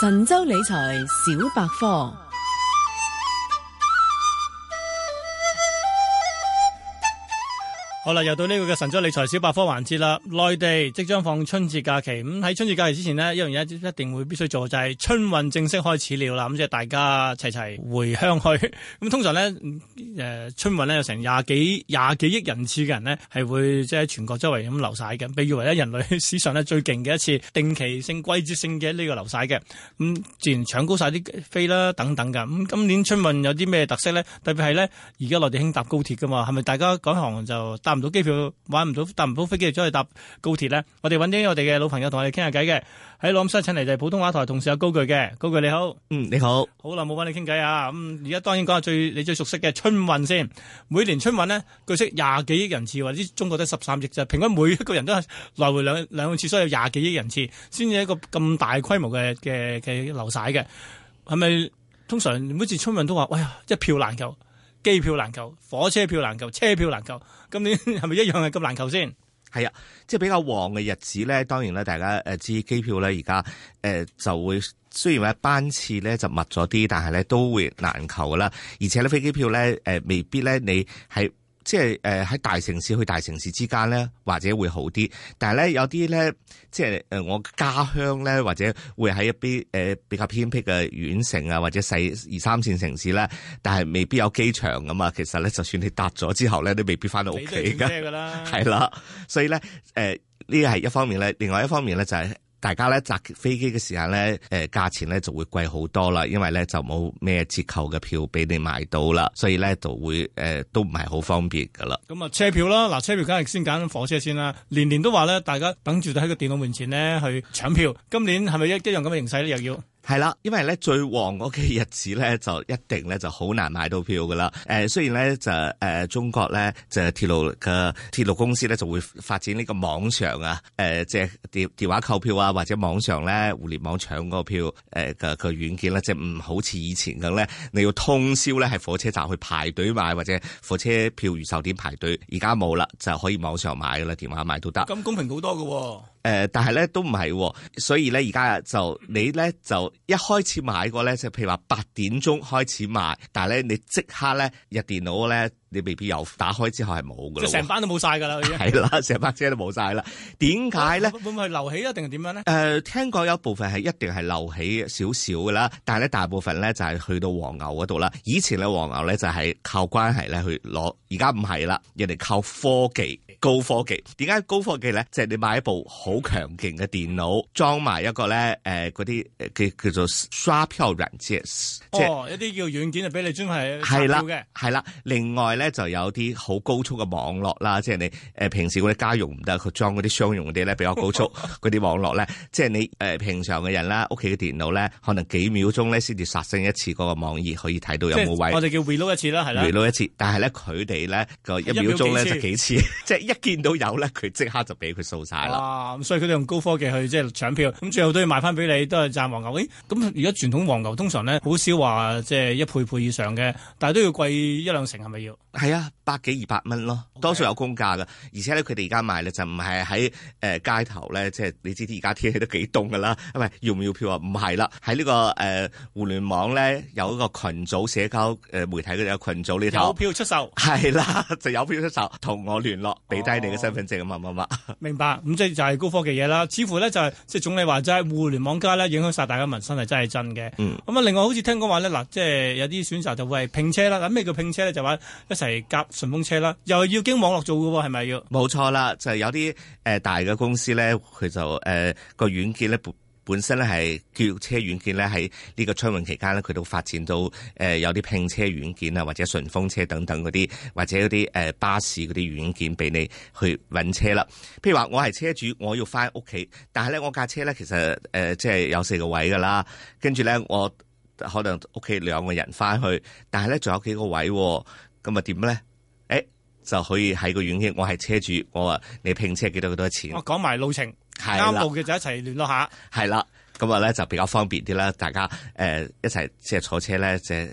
神州理財小百科。好啦，又到呢個嘅神州理財小百科環節啦。內地即將放春節假期，咁、嗯、喺春節假期之前呢，一樣嘢一定會必須做就係、是、春運正式開始了啦。咁、嗯、即係大家齊齊回鄉去。咁、嗯、通常呢，誒、嗯，春運呢有成廿幾廿幾億人次嘅人呢，係會即係全國周圍咁流晒嘅，被譽為咧人類史上咧最勁嘅一次定期性季節性嘅呢個流晒嘅。咁、嗯、自然搶高晒啲飛啦，等等噶。咁、嗯、今年春運有啲咩特色呢？特別係呢，而家內地興搭高鐵噶嘛，係咪大家趕行就？唔到機票，揾唔到搭唔到飛機，就可以搭高鐵咧。我哋揾啲我哋嘅老朋友同我哋傾下偈嘅，喺朗訊請嚟就係普通話台，同事有高炬嘅。高炬你好。嗯你好，好耐冇揾你傾偈啊。咁而家當然講下最你最熟悉嘅春運先。每年春運呢，據悉廿幾億人次，或者中國得十三億就平均每一個人都係來回兩兩次，所以有廿幾億人次先至一個咁大規模嘅嘅嘅流曬嘅。係咪通常每次春運都話，哎呀一票難求？機票難求，火車票難求，車票難求，今年係咪一樣係咁難求先？係啊，即係比較旺嘅日子咧，當然咧，大家誒知機票咧而家誒就會雖然話班次咧就密咗啲，但係咧都會難求啦。而且咧飛機票咧誒、呃、未必咧你係。即係誒喺大城市去大城市之間咧，或者會好啲。但係咧有啲咧，即係誒、呃、我家鄉咧，或者會喺一啲誒、呃、比較偏僻嘅縣城啊，或者細二三線城市咧，但係未必有機場咁啊。其實咧，就算你搭咗之後咧，都未必返到屋企噶啦。係啦，所以咧誒呢個係、呃、一方面咧，另外一方面咧就係、是。大家咧，搭飛機嘅時間咧，誒、呃、價錢咧就會貴好多啦，因為咧就冇咩折扣嘅票俾你買到啦，所以咧就會誒、呃、都唔係好方便㗎啦。咁啊，車票啦，嗱車票梗係先揀火車先啦，年年都話咧，大家等住喺個電腦面前咧去搶票，今年係咪一一樣咁嘅形勢咧又要？係啦，因為咧最旺嗰嘅日子咧，就一定咧就好難買到票噶啦。誒、呃，雖然咧就誒、呃，中國咧就鐵路嘅鐵路公司咧就會發展呢個網上啊，誒、呃，即係電電話購票啊，或者網上咧互聯網搶個票嘅、呃、個票誒嘅個軟件咧，即係唔好似以前咁咧，你要通宵咧喺火車站去排隊買，或者火車票預售點排隊，而家冇啦，就可以網上買噶啦，電話買都得。咁公平好多噶、哦。誒、呃，但係咧都唔係，所以咧而家就你咧就。一開始買過咧，就譬如話八點鐘開始賣，但係咧你即刻咧入電腦咧，你未必有打開之後係冇噶啦，成班都冇晒噶啦，已經係啦，成班車都冇晒啦，點解咧？會唔會留起啊？定係點樣咧？誒、呃，聽講有部分係一定係留起少少噶啦，但係咧大部分咧就係去到黃牛嗰度啦。以前咧黃牛咧就係靠關係咧去攞，而家唔係啦，人哋靠科技。高科技，點解高科技咧？即、就、係、是、你買一部好強勁嘅電腦，裝埋一個咧誒嗰啲叫叫做刷票軟件，即係、哦、一啲叫軟件啊，俾你專係刷票嘅。係啦，另外咧就有啲好高速嘅網絡啦，即係你誒、呃、平時嗰啲家用唔得，佢裝嗰啲商用啲咧比較高速嗰啲網絡咧， 即係你誒、呃、平常嘅人啦，屋企嘅電腦咧可能幾秒鐘咧先至刷新一次嗰個網頁可以睇到有冇位。我哋叫 reload 一次啦，係啦。reload 一次，但係咧佢哋咧個一秒鐘咧就係幾次，即係。一見到有咧，佢即刻就俾佢掃晒。啦、啊。所以佢哋用高科技去即係搶票，咁最後都要賣翻俾你，都係賺黃牛。咁而家傳統黃牛通常咧，好少話即係一倍倍以上嘅，但係都要貴一兩成，係咪要？係啊，百幾二百蚊咯，Okay. 多數有公價噶。而且咧，佢哋而家賣咧就唔係喺誒街頭咧，即係你知啲而家天氣都幾凍噶啦。係咪？要唔要票啊？唔係啦，喺呢、這個誒、呃、互聯網咧有一個群組社交誒、呃、媒體度，有群組呢頭有票出售，係啦、啊，就有票出售，同我聯絡。嗯低你嘅身份證啊嘛嘛嘛，明白。咁即係就係高科技嘢啦，似乎咧就係即係總理話齋，互聯網加咧影響晒大家民生係真係真嘅。咁啊、嗯，另外好似聽講話咧嗱，即係有啲選擇就會係拼車啦。咁咩叫拼車咧？就話、是、一齊夾順風車啦，又係要經網絡做嘅喎，係咪要？冇錯啦，就係、是、有啲誒、呃、大嘅公司咧，佢就誒、呃、個軟件咧。本身咧係叫車軟件咧喺呢個春運期間咧，佢都發展到誒有啲拼車軟件啊，或者順風車等等嗰啲，或者嗰啲誒巴士嗰啲軟件俾你去揾車啦。譬如話我係車主，我要翻屋企，但係咧我架車咧其實誒即係有四個位噶啦，跟住咧我可能屋企兩個人翻去，但係咧仲有幾個位，咁啊點咧？誒、欸、就可以喺個軟件，我係車主，我話你拼車幾多幾多錢？我講埋路程。交到嘅就一齊聯絡下，係啦，咁啊咧就比較方便啲啦，大家誒、呃、一齊即係坐車咧即係。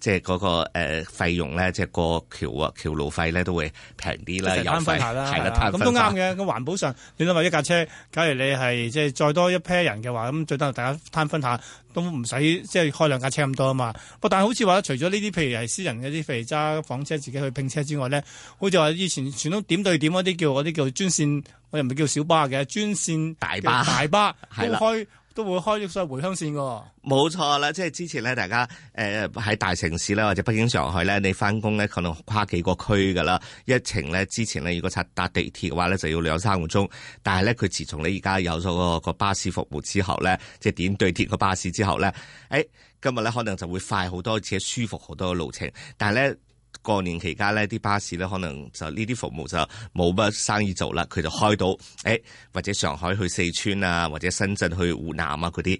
即係嗰個誒費用咧，即係過橋啊橋路費咧都會平啲啦，分下費係啦，咁都啱嘅。咁環保上，你諗下，一架車，假如你係即係再多一 pair 人嘅話，咁最多大家攤分下，都唔使即係開兩架車咁多啊嘛。但係好似話，除咗呢啲，譬如係私人嗰啲肥渣房車自己去拼車之外咧，好似話以前傳統點對點嗰啲叫嗰啲叫專線，我又唔係叫小巴嘅專線大巴大巴，開。都會開啲嘅回鄉線㗎，冇錯啦。即係之前咧，大家誒喺、呃、大城市咧，或者北京、上海咧，你翻工咧，可能跨幾個區㗎啦。一程咧，之前咧，如果搭搭地鐵嘅話咧，就要兩三個鐘。但係咧，佢自從你而家有咗個巴士服務之後咧，即係點對鐵個巴士之後咧，誒、哎，今日咧可能就會快好多，而且舒服好多嘅路程。但係咧。過年期間呢啲巴士呢，可能就呢啲服務就冇乜生意做啦，佢就開到，誒、欸、或者上海去四川啊，或者深圳去湖南啊嗰啲。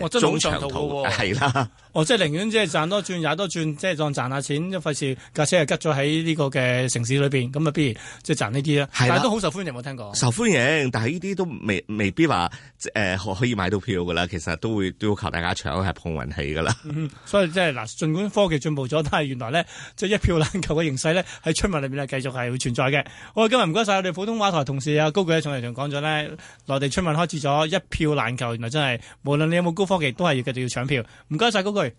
我、哦、真係好長途係啦，我的、哦、即係寧願即係賺多轉，也多轉，即係當賺下錢，費事架車又吉咗喺呢個嘅城市裏邊，咁啊，不如即係賺呢啲啦。係啦，都好受歡迎，冇聽過。受歡迎，但係呢啲都未未必話誒、呃、可以買到票㗎啦。其實都會都要靠大家搶係碰運氣㗎啦、嗯。所以即係嗱，儘管科技進步咗，但係原來呢，即、就、係、是、一票難求嘅形勢呢，喺春運裏邊係繼續係會存在嘅。嗯、在在今謝謝我今日唔該晒，我哋普通話台同事啊，高炬喺眾嚟仲講咗呢，內地春運開始咗一票難求，原來真係無論你有冇。高科技都係要繼續要搶票，唔該晒高炬。